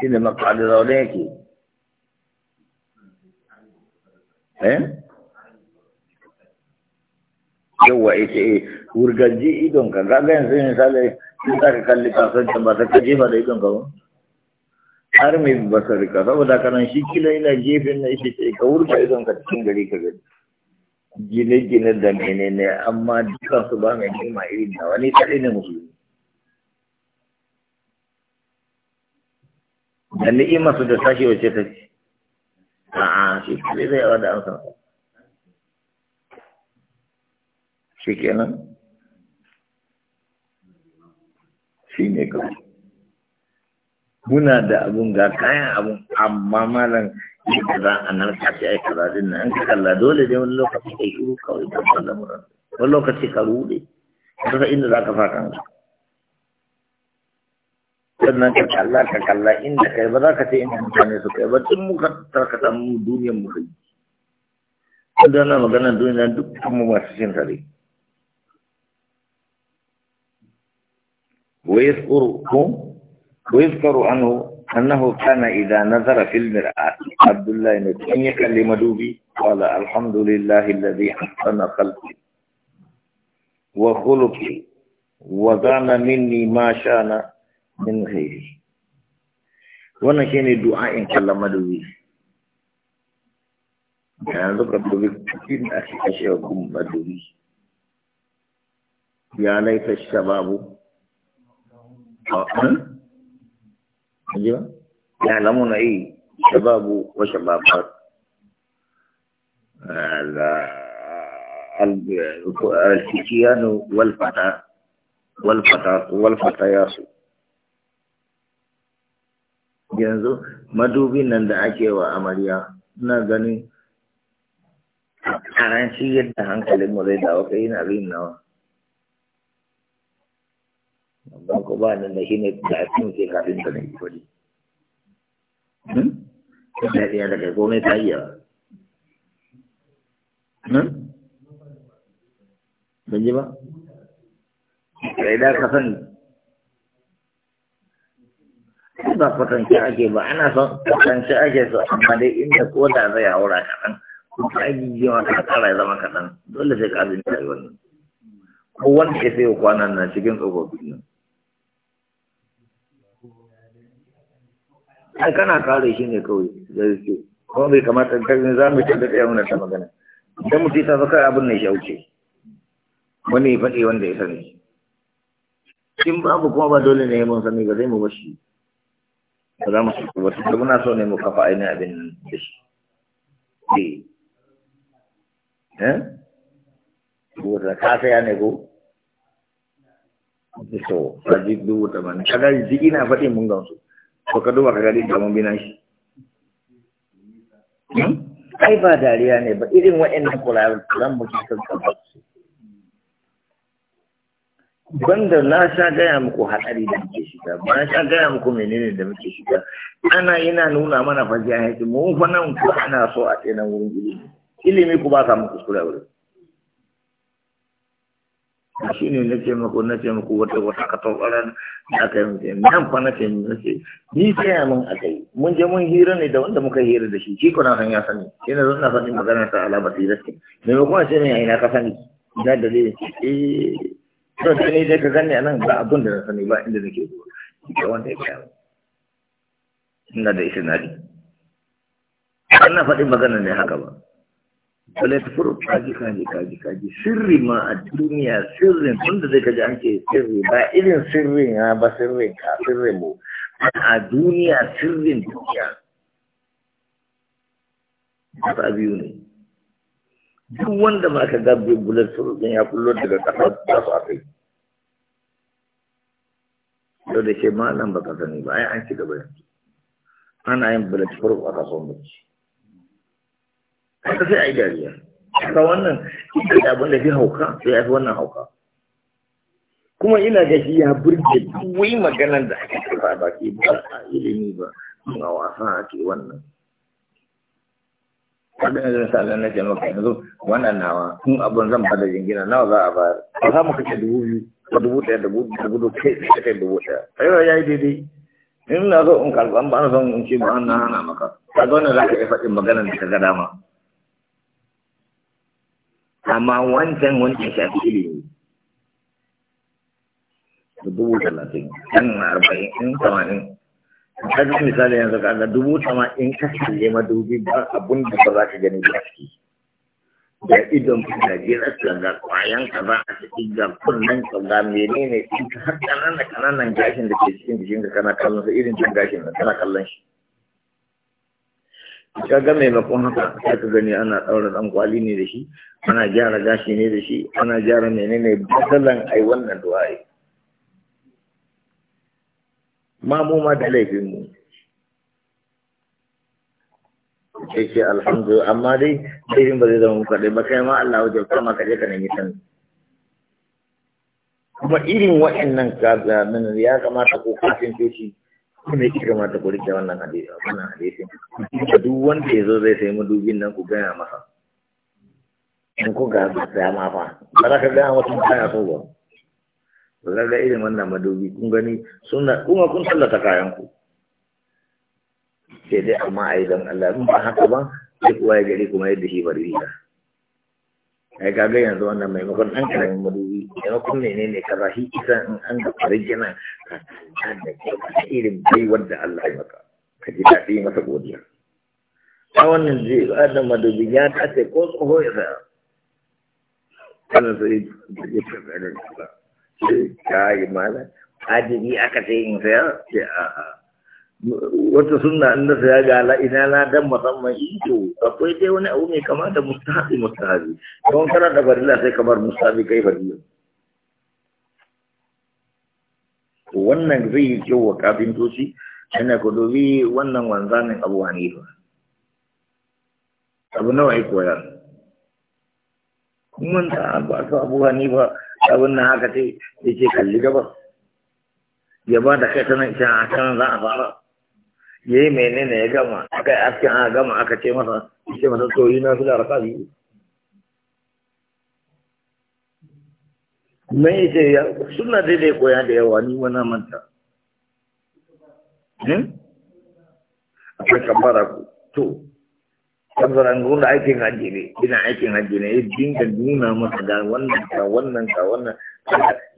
shine maƙalin zaune yake eh yawa ita e eh, wurgaji idonka kaga yanzu misali sun za ka kalli kasuwancin ta ka jefa da idonka ba har mai basarika saboda kanan shi kila ina gefen na ita ce ka wurga idonka cikin gari ka gine-gine da menene amma dukkan su ba mai girma irin da wani kaɗai ne musulmi da ni'ima su da sashi wace ta ce a'a shi kaɗai zai yawa da amsa shi kenan shi ne kawai muna da abun ga kayan abun amma malam ni kaza a nan ka ce ai kaza din nan ka kalla dole ne wani lokaci kai shiru kawai ka kalla mu wani lokaci ka rude ka inda za ka faka kanka sannan ka kalla ka kalla inda kai ba za ka ce ina mutane su kai ba tun muka tarkata mu duniyar mu kai inda na magana duniya dukkan mu masu cin tare ويذكر ويذكر عنه أنه كان إذا نظر في المرآة عبد الله نتن يكلم دوبي قال الحمد لله الذي حسن قلبي وخلقي وظن مني ما شاء من غيري ونحن دعاء إن شاء الله مدوي كان ذكر دوبي كثير أخي أشيركم مدوي يا ليت الشباب أه؟ أجيبا يعلمون أي شباب وشبابات الفتيان والفتاة والفتاة والفتيات yanzu madubin nan da ake wa amarya na ganin karanci yadda hankalinmu zai dawo kai yin abin nawa amma ko ba nan da shine da akin ke kafin hmm? da ne kodi hmm da ya daga gome ta yi hmm ban ji ba sai da ka sani ba kwatance ake ba ana son kwatance ake so amma dai inda ko da zai haura kaɗan kuma aiki jiwa ka tsara ya zama kaɗan dole sai ka abin ta yi wannan ko wanda ke sai kwanan nan cikin tsofaffi nan ai kana kare shi ne kawai da yake kuma bai kamata ta ne za mu da ya muna ta magana idan mutum ta zaka abin ne shauce wani ya faɗi wanda ya sani in babu kuma ba dole ne mun sani ba zai mu bashi ba za mu su ba da muna so ne mu kafa ainihin abin da shi eh wata eh? ka saya ne ko so a ji dubu tamanin kaga jiki na faɗi mun gamsu to ka duba ka gani da mun bina hmm? ai ba dariya ne ba irin waɗannan kulalan mu kan kan banda na sha gaya muku hatsari da muke shiga ba na sha gaya muku menene da muke shiga ana yana nuna mana fa jahilci mu fa nan ku ana so a tsena wurin ilimi ilimi ku ba ka muku kula wurin shi ne na ce muku, na ce muku wata wata katabaran da aka yi mutum nan fa na ce na ce ni ce ya mun aka yi mun je mun hira ne da wanda muka hira da shi shi ko na san ya sani shi ne zo sani faɗin maganar sa ala basira ce me ma kuma ce ne ina ka sani ina da zai ce eh to sai ne dai ka gani anan ba abin da na sani ba inda nake zuwa da wanda ya kawo ina da isnadi na faɗin maganar ne haka ba wale ta furu kaji kaji kaji kaji sirri ma a duniya sirrin wanda zai kaji an ce sirri ba irin sirrin ya ba sirrin ka sirrin mu a duniya sirrin duniya ta biyu ne duk wanda ma ka ga bulan surutun ya kullo daga kafa ta su akai yau da ke ma nan ba ka sani ba ai an ci gaba yanzu ana yin bulan surutun a kasuwan bacci haka sai a yi dariya haka wannan ita da abin da fi hauka sai a fi wannan hauka kuma ina ga shi ya burge duk wai maganar da ake kafa ba ke ba a ilimi ba a wasa ake wannan wadanda zan sa na ce maka yanzu wannan nawa tun abin zan bada jingina nawa za a ba ba za mu kashe dubu biyu ko dubu ɗaya da dubu dubu kai da kai dubu ɗaya yau ya yi daidai in na so in karɓa ba na son in ce ba an na hana maka ka zo ne za ka iya faɗin maganar da ka ga dama amma wancan wancan shafi ilimi dubu talatin yan arba'in in tamanin kaga misali yanzu kaga dubu tamanin ka kalle madubi ba abun da ba za ka gani ba ciki da idon da jirarsa ga kwayan ka ba a cikin ga kunnen ka ga menene cikin har kananan kananan gashin da ke cikin jikin ka kana kallon sa irin cin gashin da kana kallon shi ka ga maimakon haka sai ka gani ana ɗaura ɗan kwali ne da shi ana gyara gashi ne da shi ana gyara menene basalan ai wannan du'a'i ma mu ma da laifin mu sai ce alhamdu amma dai laifin ba zai zama muka dai ba kai ma Allah wajen kama ka je ka nemi sani kuma irin wa'annan kaza ya kamata ko kafin shi kuma yake kamata ku rike wannan hadisi wannan hadisin duk wanda yazo zai sai madubin nan ku gaya masa in ku ga ya ma fa ba za ka gaya mutum kaya so ba ba ga irin wannan madubi kun gani suna kuma kun tallata kayan ku sai dai amma a yi don Allah in ba haka ba sai kuwa ya gari kuma yadda shi bari riga ai kaga yanzu wannan maimakon ɗan karamin madubi maimakon ne ne ne ka rahi isa in an ga gina ka da irin baiwar da Allah ya maka ka ji daɗi masa godiya a wannan zai ba da madubi ya tace ko tsoho ya sa wannan sai ya tsaka da ka yi mala ajiyi aka ce in sayar ce a'a wata suna inda saya ya gala ina na dan musamman ito akwai dai wani abu mai kama da mustahabi mustahabi don kana da farilla sai kamar mustahabi kai farilla wannan zai yi kyau wa kafin toshi yana ku dubi wannan wanzanin abu hanifa abu nawa ya koyar kuma ta ba su abu hanifa abin nan haka ce ya ke kalli gaba ya ba da kai ta nan a can za a fara ye ma menene ya gama aka yi askin aka gama aka ce masa ce masa to yi na fi da raka biyu mai ya ce ya suna daidai koya da yawa ni wani manta hmm? Kamsaran gunda aikin hajji ne, ina aikin hajji ne, ya dinga nuna masa ga wannan ka wannan ka wannan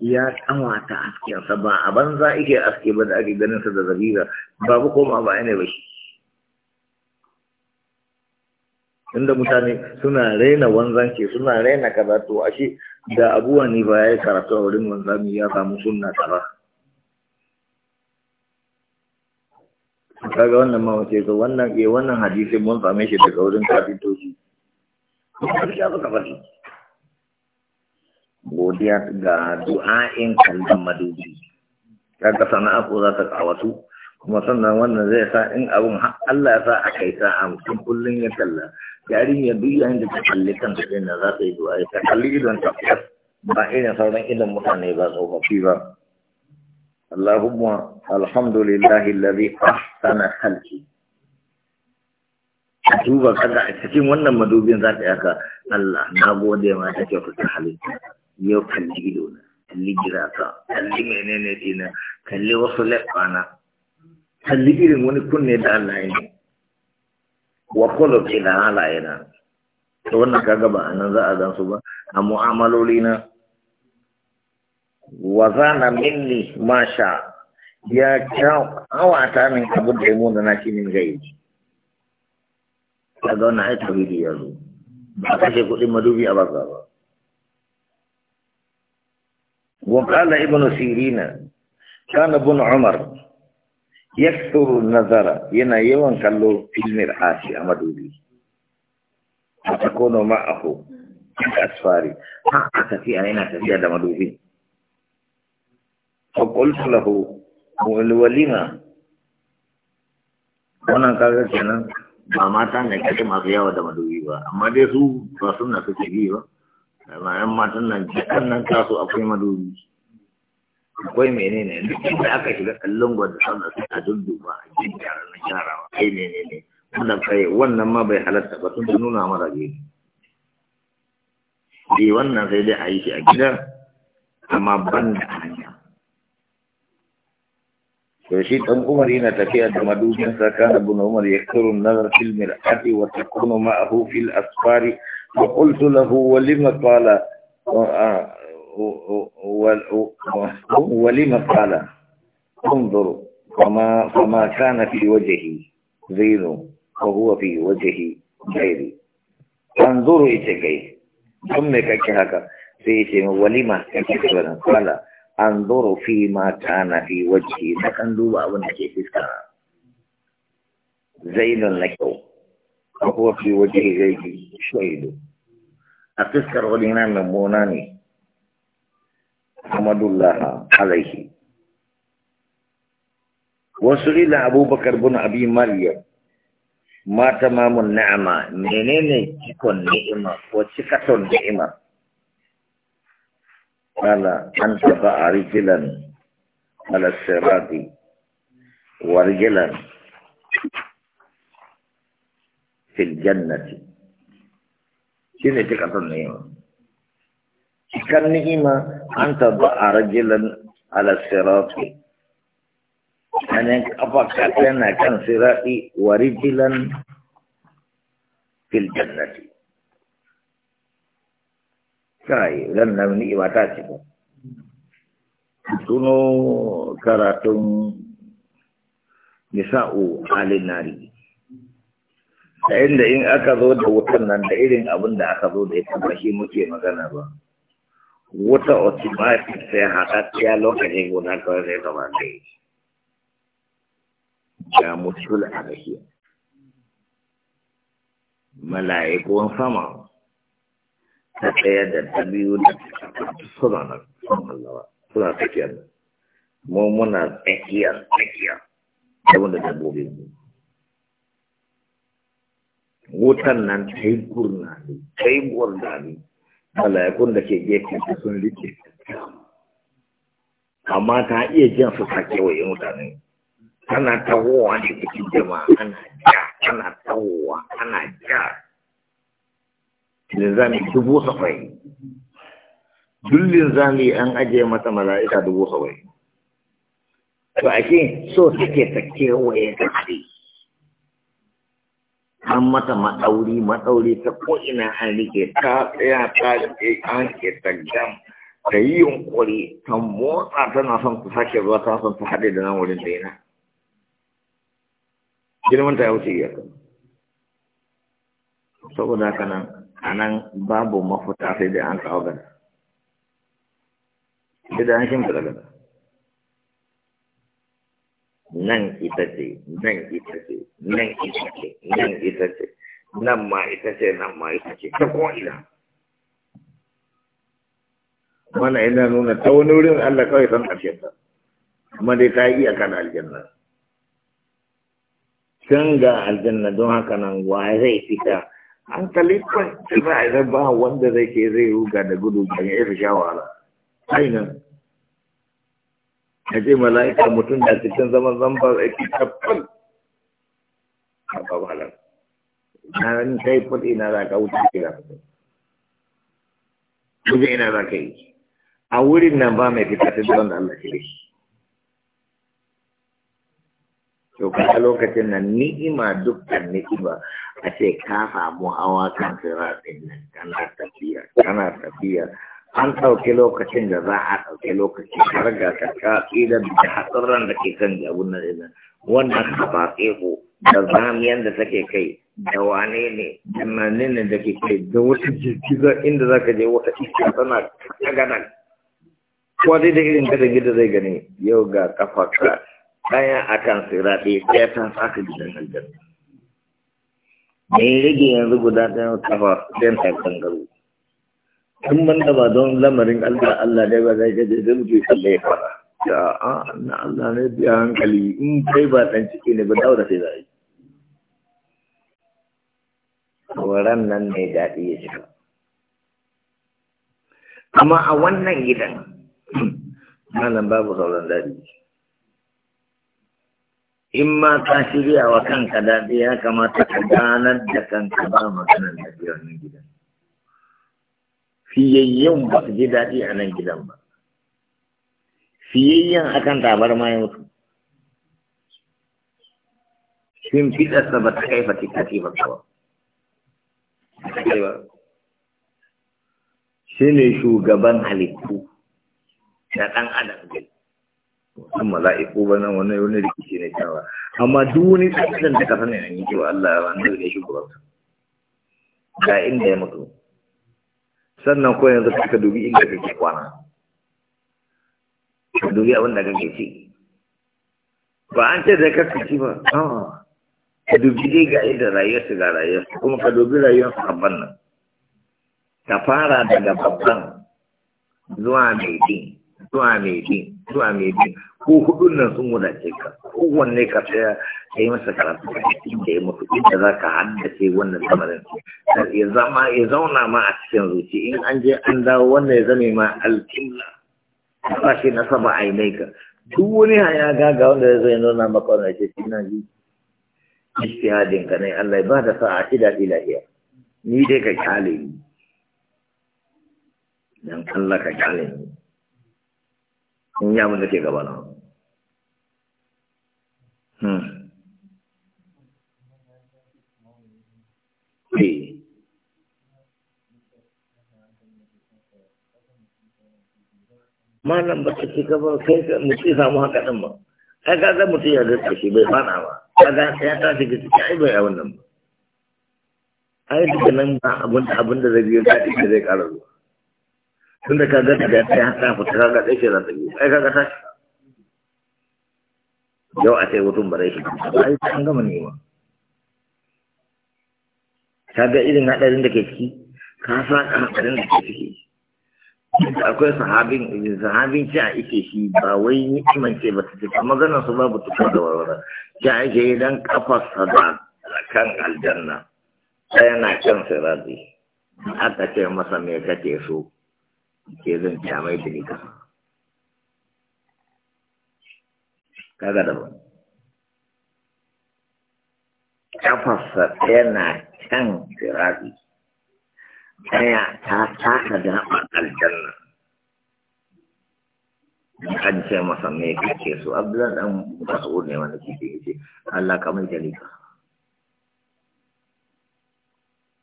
ya kamata askinsa ba a banza ike aske ba da ake ganin sa da zabira babu koma ba ne ba shi. Inda mutane suna raina wanzanci suna raina kaza to ashe da abuwa ne ba ya yi karatu a wurin wanzami ya samu sunna kaza. kaga wannan ma wace to wannan eh wannan hadisi mun same shi daga wurin kafintoci suka godiya ga du'a'in kallon madubi kaga sana'a ko za ta kawatu kuma sannan wannan zai sa in abin Allah ya sa a kai sa a mutum kullum ya kalla ya duk yayin da ta kalli kan da na za ta yi du'a ta kalli idon ta ba irin sauran idon mutane ba tsofaffi ba Allahumma الحمد لله sana halki a duba kaga a cikin wannan madubin za ta yaka Allah na gode ma ta ke kusa halitta yau kalli ido na kalli girasa kalli menene dina kalli wasu na kalli irin wani kunne da Allah ya ne wa kullu ila halayna to wannan kaga ba anan za a gan su ba a mu'amaloli na wa zana minni masha ya كاو min abin da ya muna na shi min gai daga wannan ai tauhidi ya zo ba a kashe kuɗin madubi وقال ابن سيرين كان ابن عمر يكثر النظر ينا يوان كلو في المرآة أمدودي فتكون معه أسفاري حقك في أين تفيد مدوبي فقلت له walima wannan kaga kenan ba mata ne kake masu yawa da madubi ba amma dai su ba na suke yi ba amma yan matan nan kan nan su akwai madubi akwai menene duk da aka shiga kallon gwada sauna sai a dudduba a jin yaran na yara ba kai menene wannan kai wannan ma bai halatta ba tun da nuna mara gani eh wannan sai dai a yi shi a gida amma ban da hanya to shi dan Umar yana tafiya da madubin sa kana ibn Umar ya yakuru nazar fil mir'ati wa takunu ma'ahu fil asfari wa qultu lahu wa lima qala wa ah, lima qala انظر فما فما كان في وجهي زين وهو في وجهي غيري انظر إتكي ثم كك هكا سيتم ولما كك قال anzuru fi ma kana fi wajhi da kan duba abin da ke fiska zainun na kyau a kuma fi wajhi zai shaidu a fiskar wani na mummuna ne Ahmadullah alaihi wasu ila abubakar bin abi maryam mata mamun na'ama menene cikon ni'ima ko cikaton ni'ima قال أن تضع رجلا على الصراط ورجلا في الجنة شنو تلك النعمة كان نعمة أن تضع رجلا على الصراط يعني أنا أفكر كان كان صراطي ورجلا في الجنة kai ran nan ni'ima ta cika tuno karatun nisa'u alinari ta inda in aka zo da wutan nan da irin abin da aka zo da ita ba shi muke magana ba wuta automatic sai haɗaɗɗiya lokacin guda kawai sai da ɗaya ga mutul a mala'ikun sama da ɗaya da ta biyu da suna nan sun hallawa suna tsakiyar nan mu muna tsakiya tsakiyar da wanda bobe mu wutan nan ta yi gurna ne ta yi gurna ne malayakun da ke gefe su sun rike amma ta iya jin su ta kewaye mutane tana tawowa ne cikin jama'a ana ja ana tawowa ana ja linzami dubu saba'in duk linzami an ajiye mata mala'ika dubu saba'i to ake so suke ta kewaye ta kare an mata maɗauri maɗauri ta ko'ina an rike ta tsaya ta rike an ke ta gam ta yi yunkuri ta motsa tana son ta sake zuwa ta son ta haɗe da nan wurin da yana girman ta ya wuce iyaka saboda haka nan a nan babu mafuta sai dai an kawo gada sai da an shimfiɗa gada nan ita ce nan ita ce nan ita ce nan ita ce nan ma ita ce nan ma ita ce ta ko'ina mana ina nuna ta wani wurin Allah kawai san ƙarshenta kuma dai ta yi akan aljanna can ga aljanna don haka nan wa zai fita Hankali kalifan da za a ba wanda zai ke zai ruga da gudu ga ya fi shawara ainihin a ce mala'ika mutum da cikin zaman zamba zai ke kafin a babalar na ran kai fudi na za ka wuce kira kuje ina za ka yi a wurin nan ba mai fitattun da wanda Allah ke da shi to a lokacin nan ni'ima dukkan ni'ima a ce ka samu hawa kan sirar din nan kana tafiya kana tafiya an ɗauki lokacin da za a ɗauki lokaci har ga ka ka tsira da hatsarin da ke kan jabun nan din wannan haba tseko da zamiyan da take kai da wane ne da ne da ke kai da wata jirgiza inda za ka je wata iska tana taganan ko dai da irin kada gida zai gani yau ga kafa ka ɗaya a kan siraɗe ɗaya ta saka gidan aljanna me rage yanzu guda ɗaya kafa ɗayan ta kangaru tun banda ba don lamarin Allah Allah dai ba zai gaje zai mutu kalla ya fara ya a na Allah ne biya hankali in kai ba ɗan ciki ne ba daura sai zai wuran nan ne daɗi ya shiga amma a wannan gidan malam babu sauran daɗi in ma ka shirya wa kanka daɗi ya kamata ka ganar da kanka ba maganar da biyar nan gidan fiyayyen ba su ji daɗi a nan gidan ba fiyayyen akan tabar ma ya mutu shin fitarsa ba ta kai fati kati ba kawa shi ne shugaban halittu da ɗan adam gani wannan mala'iku ba nan wannan wani rikici ne cewa amma duk wani tsakanin da ka ne an yi cewa Allah ya da shi gaba ga inda ya mutu sannan ko yanzu ka dubi inda kake kwana ka dubi abin da kake ci ba an ce da kake ci ba ka dubi dai ga inda rayuwarsu ga rayuwarsu kuma ka dubi ka abban nan ka fara daga babban zuwa mai din zuwa mai bin zuwa mai bin ko hudun nan sun wadace ka kowanne ka tsaya ka yi masa karatu a cikin da ya mutu inda za ka haddace wannan lamarin ya zama ya zauna ma a cikin zuci in an je an dawo wannan ya zame ma alƙibla ba shi na saba a yi ka duk wani hanya gaga wanda ya zai nuna maka wannan ce shi na ji istihadin ka ne Allah ya ba da sa'a shi da ilahiya ni dai ka kyale ni dan Allah ka kyale ni in yi ke gaba na hmm. eh. malam ba ta cika ba kai ka mutu samu haka ɗin ba ai ka ga mutu ya zata shi bai fana ba ka ga ya ta shiga ciki ai bai a wannan ba ai duka nan ba abin da zai biyo ta ɗin da zai ƙara zuwa tun da kaga daga ɗaya ta fita kaga ɗaya ce za ta yi ai ka ta shi yau a sai mutum ba zai shi ai an gama nema kaga irin haɗarin da ke ciki ka sa ka hadarin da ke ciki akwai sahabin sahabin ci a ike shi ba wai ni'iman ce ba ta ce amma ganin su babu tukar da warwara ci a ike idan kafarsa da kan aljanna ɗaya na kan sirari aka ce masa me kake so ke zan kyamai da ita kaga daban kafarsa ɗaya na can firaɗi ɗaya ta taka gaɓar aljanna an ce masa me kake so abdullahi dan mas'ud ne wanda kike yace Allah ka mai dalika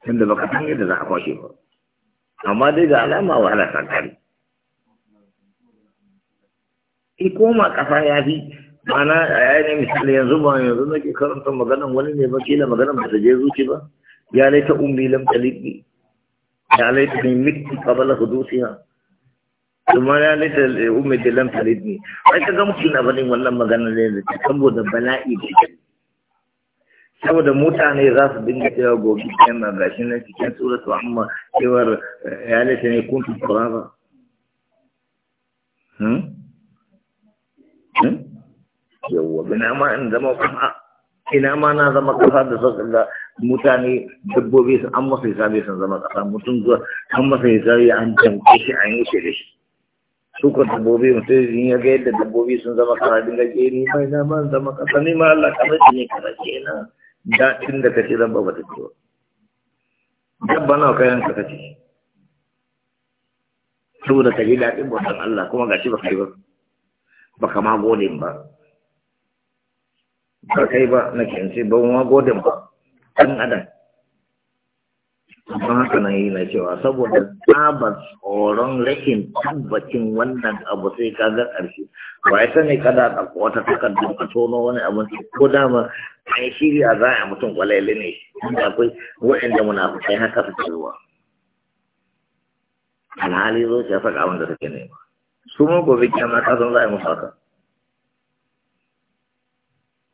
tunda baka san yadda za a kwashe ba amma dai ga alama wahala ta kare koma kafa ya fi mana a ne misali yanzu ba yanzu nake karanta maganan wani ne ba kila maganan ba ta je zuci ba ya ta umri lam talibi ya ta min mitti qabla hudusiha kuma ya ta umri lam talibi ai kaga mutum na bane wannan maganan ne saboda bala'i da saboda mutane za su dinga cewa gobe cikin na gashi na cikin suratu amma cewar ya lata ne kun fi kurara yawwa bina ma in zama kuma ina ma na zama kasa da sauƙin mutane dabbobi sun an masa hisabi sun zama kasa mutum zuwa an masa hisabi an tamke shi an yi shi da shi su ko dabbobi mutum ya ga yadda dabbobi sun zama kasa dinga ke ni mai na ma zama kasa ni ma Allah kamar shi ne kamar ke na daɗin da kace zan ba ta ciwo dabba nawa kayan ka kace saboda ka ji daɗin bautan Allah kuma gashi ba kai ba ba ka ma godin ba ba kai ba na kyanci ba ma godin ba ɗan adam Kuma haka na yi na cewa saboda tsabar tsoron rashin tabbacin wannan abu sai ka ga ƙarshe ba ya sani kada a wata takardu a tono wani abinci ko dama an shirya za a mutum kwalaili ne inda akwai muna munafukai haka su cewa alhali zo ya saka abin da take nema su ma gobe kyamma ka san za a yi musu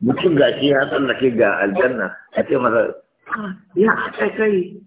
mutum gashi ya tsallake ga aljanna a ce masa ah, ya a kai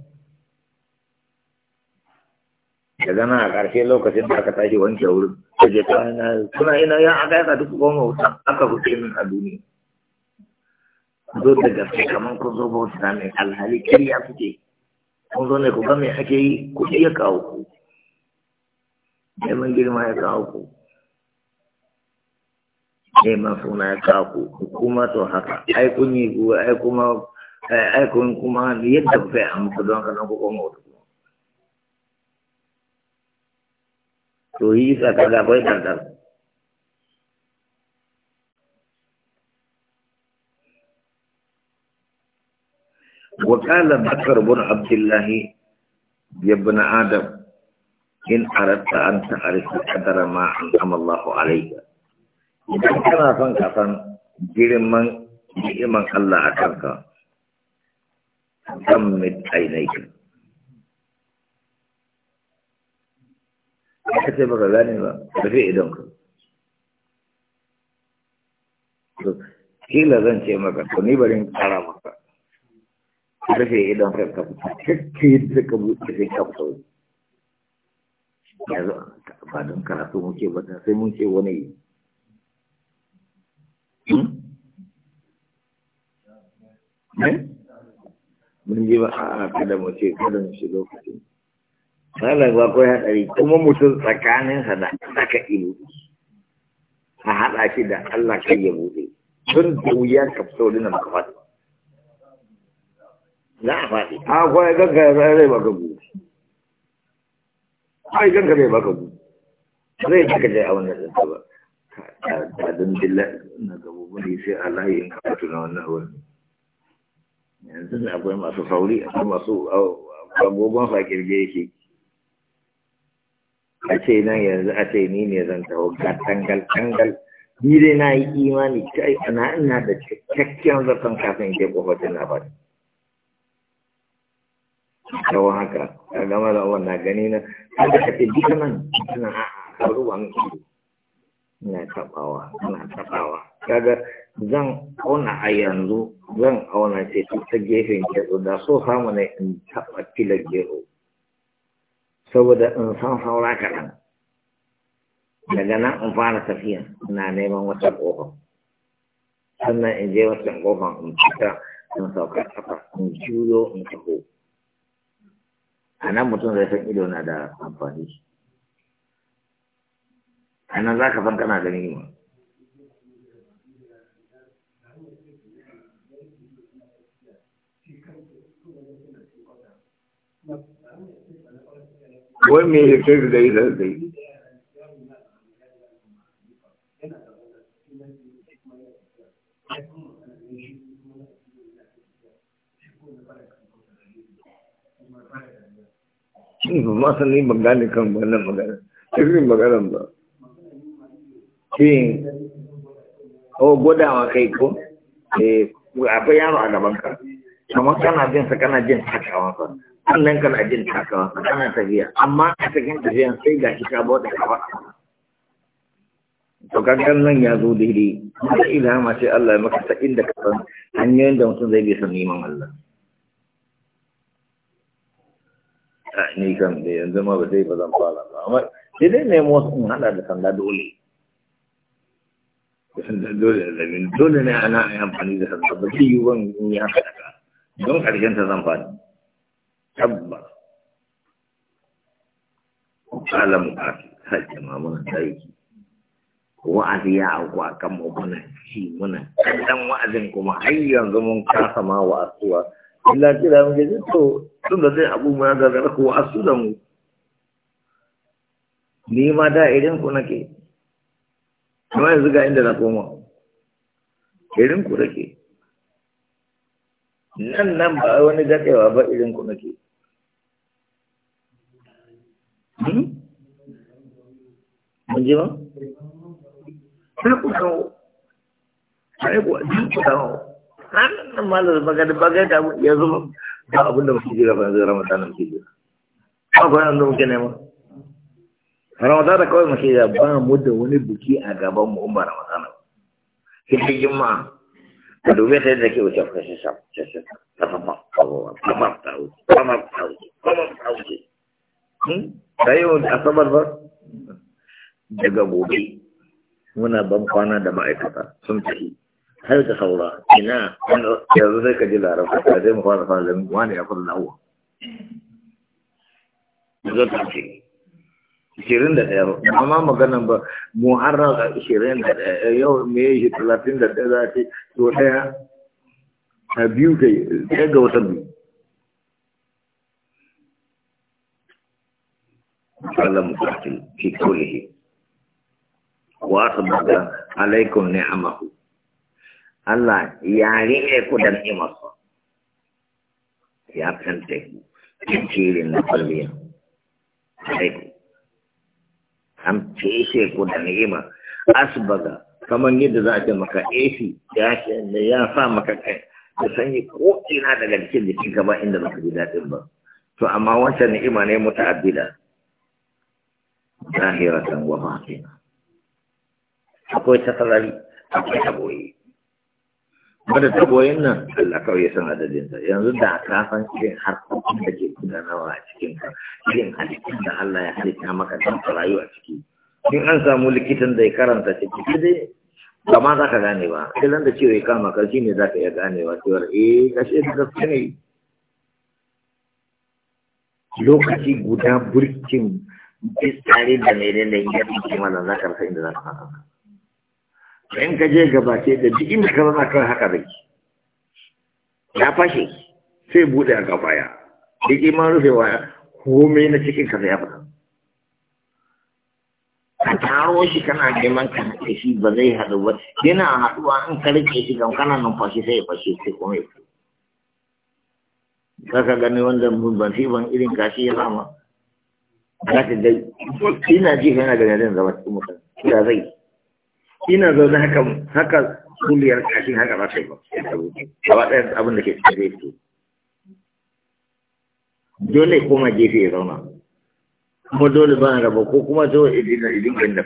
daga zama a ƙarshe lokacin da aka tashi wanke wurin ta je ta ina kuna ina ya aka yaka duk goma wuta aka huce min a duniya zo da gaske kamar kun zo bauta na mai alhali kiriya suke kun zo ne ku ga me ake yi ku iya kawo ku neman girma ya kawo ku neman suna ya kawo ku hukuma to haka ai kun yi ku ai kuma ai kun kuma yadda ku kai amsa don haka nan ku goma wuta tu hija tanda kue tanda wakala bakar bun abdillahi dia benar adam in aratta anta arifu antara ma'an amallahu alaika dan kena sangkatan jirimang jirimang Allah akarka sammit ainaika Ka ce baka gane ba rufe idan ka kila zan ce maka to ni bari in kara maka rufe idan ka ka fita kake yadda ka buɗe sai ka fita wani yanzu ba don karatu muke ba sai mun ce wani hmm? Hmm? mun ji ba a kada mu ce kada mu shi lokacin malam ba ko haɗari kuma mutum tsakaninsa da saka ilu a haɗa shi da Allah kai ya buɗe don da wuya ka fito dina maka faɗi za a faɗi a ganka ya zai baka gudu kwaye ganka zai baka gudu zai taka jai a wannan ɗansa ba ta don na gabo bane sai Allah yin kafatu na wannan wani yanzu akwai masu sauri akwai masu agogon sa kirge a ce nan yanzu a ce ni ne zan taho ga tangal tangal ni dai na yi imani kai ana ina da cikakken zaton kafin ke kofar na ba yawan haka a gama da wannan gani na an da kake duka nan suna a karuwan ina tabawa ina tabawa kaga zan auna a yanzu zan auna ce ta gefen gero da so samu ne in taba filar gero saboda in san saura kaɗan daga nan in fara tafiya ina neman wata ƙofa sannan in je wata ƙofa in cika in sauka ƙafa in juyo in taho a nan mutum zai san ido na da amfani a nan za ka san kana da nima Thank you. wai me ya kai da ita sai Shin ba ma san ni ban gane kan wannan magana, cikin maganan ba. Shin, o gwadawa kai ko? Eh, akwai yaro a gaban ka, kamar kana jin sa kana jin takawa fa. sannan kana jin takawa kana tafiya amma a cikin tafiyan sai ga shi ka bauta kafa to kagan nan ya zo daidai da ilhama sai Allah ya maka ta inda ka san hanyoyin da mutum zai bi san neman Allah ni kam da yanzu ma ba zai ba zan fara ba amma sai dai ne wasu in hada da sanda dole dole da dole ne ana amfani da sanda ba shi yiwuwan in ya haka don karshen ta zan fara tabbas kala mu'afi hajji ma muna daiki wa'azi ya auku a kan mu shi ci muna wa'azin kuma har yanzu mun kasa ma wa'asuwa illa kira mu gaji to tun da zai abu mu ya gagara ku wa'asu da mu ni ma da irin ku nake kuma yanzu ga inda na koma irin ku nake nan nan ba wani daɗewa ba irin ku nake hmm? mun ji ba? sai ku dawo sai ba ji ku dawo nan nan Ba bagada bagada ya zama ba da muke jira ba zai ramadanin muke ba ba ramadana kawai muke jira ba mu da wani buki a gaban mu umar ramadana sai juma'a ka dubi sai da ke wuce kashi sam ta fama abubuwa sama ta wuce sama ta wuce sama ta wuce ta hmm? yi wani asabar ba daga gobe muna ban kwana da ma'aikata sun tafi har da saura ina yanzu sai ka ji larabta ka zai mu fara fara da wani ya kula lahuwa. Zo ta ce, ishirin da ɗaya ba amma magana ba muharram a ishirin da ɗaya yau me ya talatin da ɗaya za ce to ɗaya a biyu kai ɗaya ga wata biyu Allah mu kafi fi kulihi wa asbaka alaikum mahu Allah ya ne ku da ni'imarsa ya fente ku cikin na kwalliya alaikum an feshe ku da ni'ima asbaga kamar yadda za a ce maka efi ya ya sa maka kai da sanyi ko ina daga cikin jikin ka ba inda baka ji daɗin ba to amma wancan ni'ima ne muta'addida zahiratan wa batina akwai tasarari akwai taboyi ta tagoyin nan Allah kawai ya san adadinta yanzu da ka san cikin harkokin da ke gudanarwa a cikin ka cikin halittun da Allah ya halitta maka don ka rayu a ciki in an samu likitan da ya karanta ciki kama dai ba ma za ka gane ba sai da cewa ya kama ka ne za ka iya ganewa cewar eh kashe da gaske ne lokaci guda burkin tsare da mai da ya fi da za ka rasa inda za ka fara in ka je gabace da duk inda ka zama kan haka zai ya fashe sai bude a gabaya duk iman rufewa komai na cikin ka ya fata ka taro shi kana neman ka haɗe shi ba zai haɗu ba yana haɗuwa in ka rike shi gan kana numfashi sai ya fashe sai kuma ya Ka gani wanda ban fi ban irin kashi ya sama za ta dai ina ji kana ganin zama cikin mutane da zai ina zaune haka haka kuliyar kashin haka ba sai ba gaba ɗaya abin da ke cikin zai dole kuma gefe ya zauna kuma dole ba raba ko kuma zo idina idin da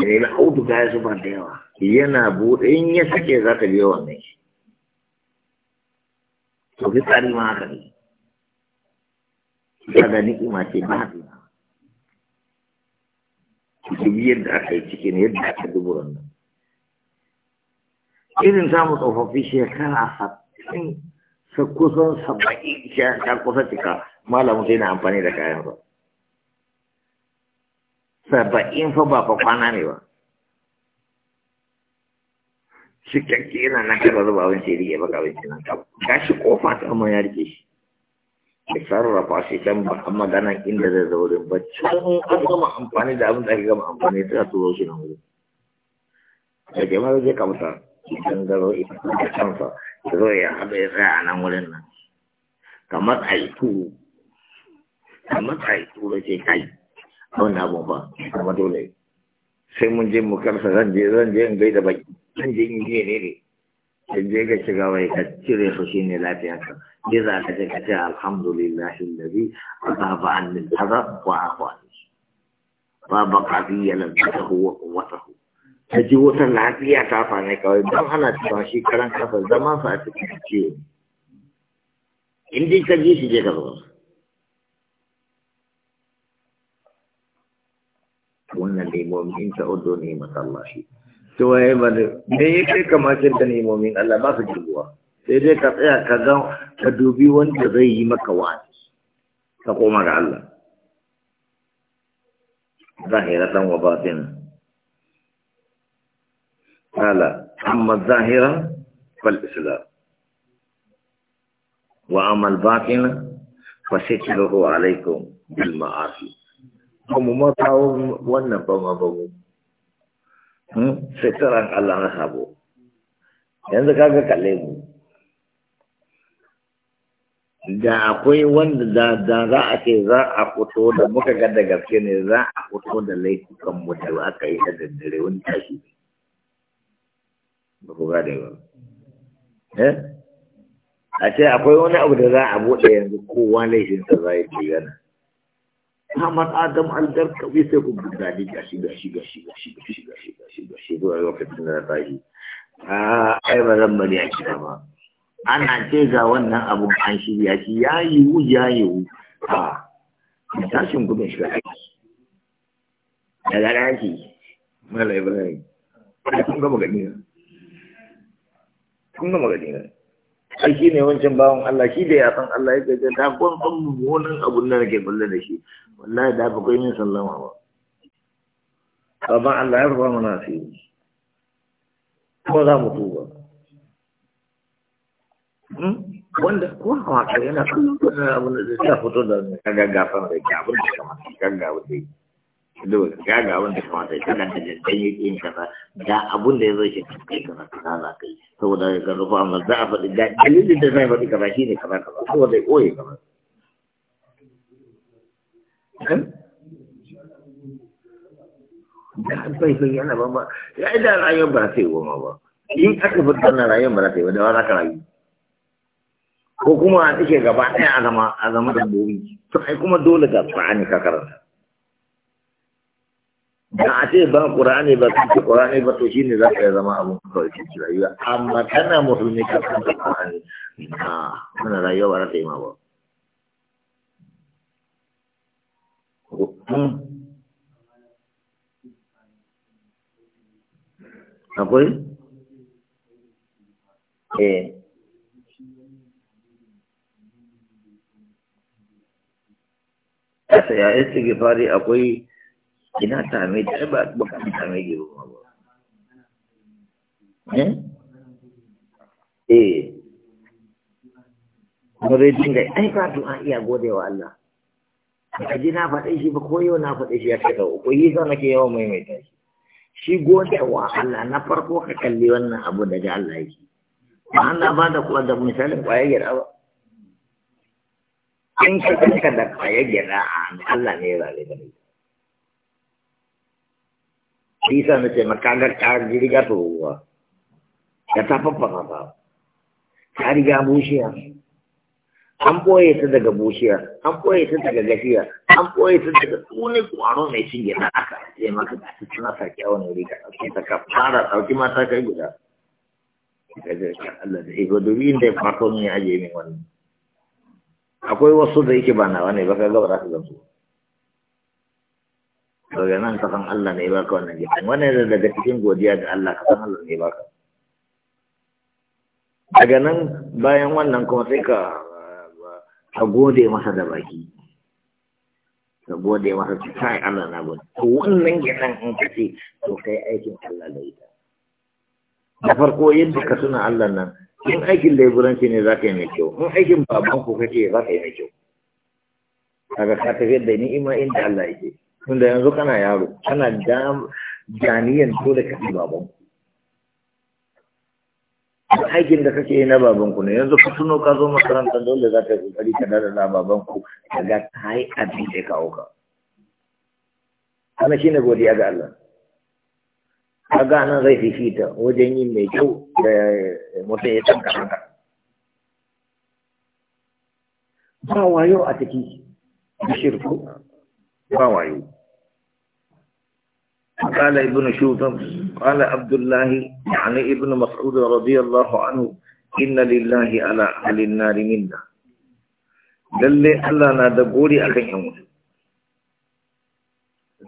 ya nemi autu kaya su ba da yawa yana buɗe in ya sake za ta biyo wannan shi to fi tsari ma haka ne ya ga ni'ima ce ba haɗina duk yadda aka yi cikin yadda aka duburan nan irin samun tsofaffi shekara sattin sa kusan saba'in kusa cika malamun sai na amfani da kayan ba saba'in fa ba fa kwana ne ba cikakke yana na karar ba wani sai rike baka wani nan shi kofa ta amma ya rike shi ya sarrafa shi dan ba a magana inda zai zaurin ba can an gama amfani da abin da ake gama amfani ta a turo shi nan wuri da mara zai kamata can zaro ita da sa ya zo ya haɗa ya tsaya a nan wurin nan kamar a yi turu kamar a yi turu ce kai a wani abin ba kamar dole sai mun je mu karsa zan je zan je in gaida baki zan je in gaida ne ne حجيجي شغاوي كتيري الحمد لله الذي أذهب عن من حذر وعفوانش طابق عبية لذته وقوته هجوة العقلية تعطى عنك ويبدو حالة كران كفر زمان فأتك تشيو عندي تجيش جيك الغرص قلنا للمؤمنين فأدوني ما الله شيء توي من ليك كما جلتني مؤمن الله ما تجلوا ليك قطيع كذا تدوبي وان تغيي مكوان تقوم على الله ظاهرة وباطنة قال أما الظاهرة فالإسلام وأما الباطنة فستره عليكم بالمعافي ومما تعوذ ونبما بغوث fitaran hmm? Allah na sabo yanzu kaga kalle mu da akwai wanda da da za a ce za a fito da muka ga da gaske ne za a fito da laifukan mu da aka yi da daddare wani tashi ba ku gane ba eh a ce akwai wani abu da za a bude yanzu kowa laifinsa za ya ci gana Muhammad Adam Al-Jarkawi sai ku gudani gashi gashi gashi gashi gashi gashi gashi gashi zuwa lokacin da ta yi. Ai ba zan bari a kira ba. Ana ce ga wannan abun an shirya shi ya yiwu ya yiwu. A tashin gudun shiga aiki. Daga ɗaki. Mala Ibrahim. Kun na. na. ai shi ne wancan bawan Allah shi da ya san Allah yake da ta kun san mummunan abun da nake kulle da shi wallahi da ba kai min sallama ba amma Allah ya rufa mana shi ko za mu tuba wanda ko na yana kallon abun da ya fito da kaga gafan da ke abin da kamar kaga abin da yake dole ga ga wanda kamata kana da dan yi da abun da yazo shi kai za ka yi saboda ga rufa amma za a faɗi da dalilin da faɗi saboda da yana ba ba ya ida rayuwar ba sai goma ba in aka rayuwar ba sai ba za ka rayu ko kuma a cike gaba ɗaya a zama a zama da bobi to ai kuma dole ka fa'ani ka karanta da a ce ba ƙurani ba kan ƙurani ba to shine za ka zama abun kawai ke rayuwa amma kana ka kan ƙurani kana rayuwa ba za ta yi ma ba hmm? akwai eh ya istighfari akwai ina tame da ba ba kan tame ki ba ba eh eh kuma zai dinga ai ba du'a iya gode wa Allah a ji na faɗe shi ba ko yau na faɗe shi ya ce ka uku yi zan ke yawan maimaita shi shi gode wa Allah na farko ka kalli wannan abu daga Allah yake ba Allah ba da kuwa da misalin kwayar gida ba in ka kanka da kwayar gida a Allah ne ya rabe da ita Bisa na ka riga ta ruwa. Ya ta faffasa ta. Ta riga bushiya. An ɓoye ta daga bushiya, an ɓoye ta daga gafiya, an ɓoye ta daga tsune kwaro mai cinye na aka sai maka da su tana sa kyawun riga ka fara ɗauki mata kai guda. Daga Allah da ego domin da ya fato ne ya min Akwai wasu da yake ba nawa ne ba ka gaba za ka gamsu. daga nan kasan Allah ne ka wannan gidan wannan yana daga cikin godiya ga Allah kasan Allah ne ka daga nan bayan wannan kuma sai ka ka gode masa da baki ka gode masa ta kai Allah na gode to wannan gidan in ka ce to kai aikin Allah da ita da farko yadda ka tuna Allah nan in aikin laiburanci ne za ka yi mai kyau in aikin babanku ku kake za ka yi mai kyau kaga ka tafiyar da ni'ima inda Allah yake tunda yanzu kana yaro kana janiyan dole da ɗi baban aikin da kake yi na baban ku ne yanzu ka tuno ka zo makaranta dole za ta yi kokari ka dada na baban ku ka ga ta yi abin da ya kawo ka ana shine godiya ga Allah ka ga nan zai fifita wajen yin mai kyau da mutum ya tanka kanka ba wayo a ciki shirku ba wayo قال ابن شوطن قال عبد الله يعني ابن مسعود رضي الله عنه ان لله على اهل النار منا للي ألا نادبوري أكن يموت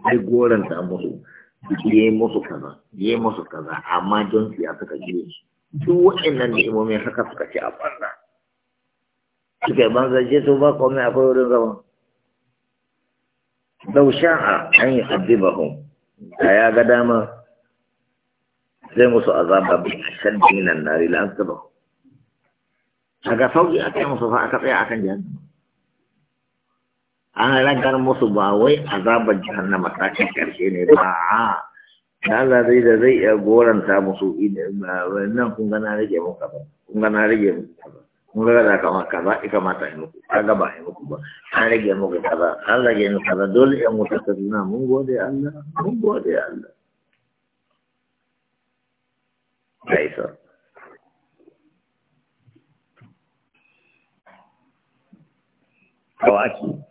zai goranta musu musu kaza ya musu kaza amma don su a suka gire su duk waɗannan ni'imomin haka suka ci a banza suka banza je su ba komai akwai wurin zama lau sha'a an yi da ya ga dama zai musu azaba bi shaddin nan nari la azaba daga sauki a kai musu fa aka tsaya akan jahannama an ragar musu ba wai azabar jahannama ta ce karshe ne ba a Allah zai da zai iya goranta musu idan ba wannan kun ga rage muka ba kun gana rage muka ba kun ga kama kaza ya kamata in muku kaga ba in muku ba an rage muku kaza an rage muku kaza dole in mutu ta mun gode Allah mun gode Allah kai so kawaki